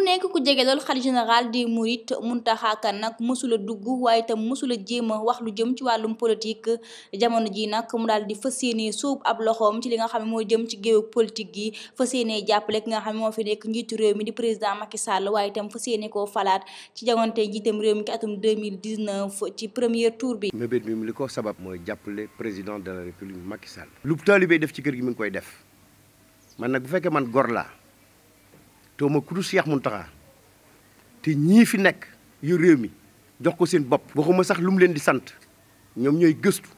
mu nekk ku jege lool xalifa général des mourides Mountakha Kane nag mësula dugg waaye itam mësula jéem a wax lu jëm ci wàllum politique jamono ji nag mu daal di fas yéene suub ab loxoom ci li nga xam ne moo jëm ci géew politique gi fas yéene jàppale ki nga xam moo fi nekk njiitu réew mi di président Macky Sall waaye itam fas yéene koo falaat ci jagante njiitam réew mi ki atum 2019 ci premier tour bi mébét mi mu li ko sabab mooy jàppale président de la république Macky Sall lu taalibe def ci kër gi mi ngi koy def man nag bu fekkee man gor laa te ma ku dul Cheikh Mountakha te ñii fi nekk yu réew mi jox ko seen bopp. ma sax lu mu leen di sant ñoom ñooy gëstu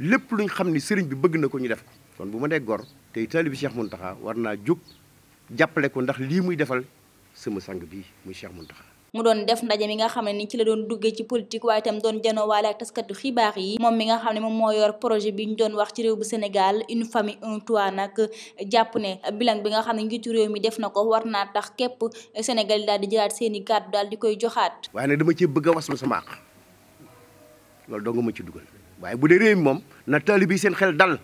lépp luñ xam ni sëriñ bi bëgg na ko ñu def ko. kon bu ma nee gor tey taalibi mun Mountakha war naa jóg jàppale ko ndax lii muy defal sama sang bii muy Cheikh Mountakha. mu doon def ndaje mi nga xam ne ni ci la doon duggee ci politique waaye itam doon janowaale ak taskatu xibaar yi moom mi nga xam ne moom moo yor projet bi ñu doon wax ci réew bu Sénégal une famille un nag jàpp ne bilan bi nga xam ne njiitu réew mi def na ko war naa tax képp Sénégal yi daal di jëlaat seeni i kàddu daal di koy joxaat waaye nag dama ci bëgg a waslu sama àq loolu dong ma ci dugal waaye bu dee réew mi moom na taalibe yi seen xel dal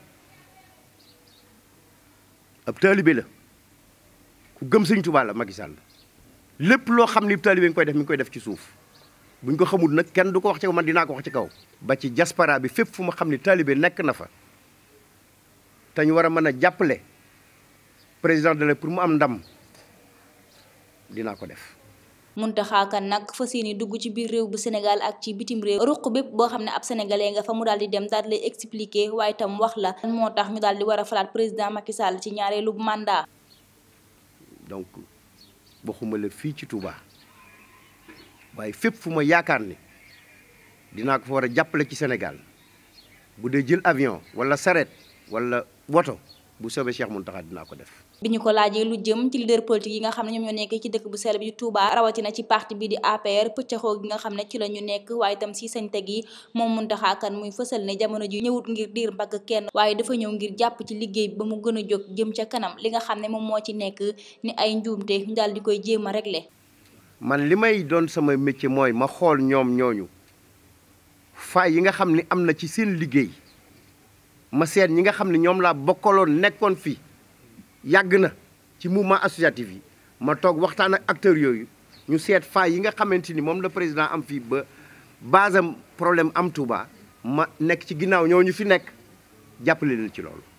ab taalibe la gëm Sëñ Tuubaa la Macky Sall lépp loo xam ni taalibe ngi koy def mi ngi koy def ci suuf buñ ko xamul nag kenn du ko wax ci kaw man dinaa ko wax ci kaw ba ci diaspora bi fépp fu ma xam ni taalibe nekk na fa te ñu war a mën a jàppale président de la pour mu am ndam dinaa ko def Mountakha Kane nag fas yéene dugg ci biir réew bu senegal ak ci bitim réew ruq bépp boo xam ne ab sénégalais nga fa mu daal di dem daal di lay expliquer waaye tam wax la moo tax ñu daal di war a falaat président Macky Sall ci ñaareelu mandat donc waxuma la fii ci Touba waaye fépp fu ma yaakaar ni dinaa ko fa war a jàppale ci senegal bu dee jël avion walla saret walla woto bu soobee Cheikh Mountakha dinaa ko def. bi ñu ko laajee lu jëm ci leader politique yi nga xam ne ñoom ñoo nekk ci dëkk bu sell bi Touba rawatina ci parti bi di APR pëccaxoo gi nga xam ne ci la ñu nekk waaye itam si sañ teg yi moom Mountakha Kane muy fësal ne jamono ji ñëwut ngir diir mbagg kenn waaye dafa ñëw ngir jàpp ci liggéey bi ba mu gën a jóg jëm ca kanam li nga xam ne moom moo ci nekk ni ay njuumte ñu daal di koy jéem a régler man li may doon sama métier mooy ma xool ñoom ñooñu yi nga xam ma seet ñi nga xam ne ñoom laa bokkaloon nekkoon fii yàgg na ci mouvement associatif yi ma toog waxtaan ak acteurs yooyu ñu seet faa yi nga xamante ni moom la président am fii ba basam problème am Touba ma nekk ci ginnaaw ñoo ñu fi nekk jàppale leen ci loolu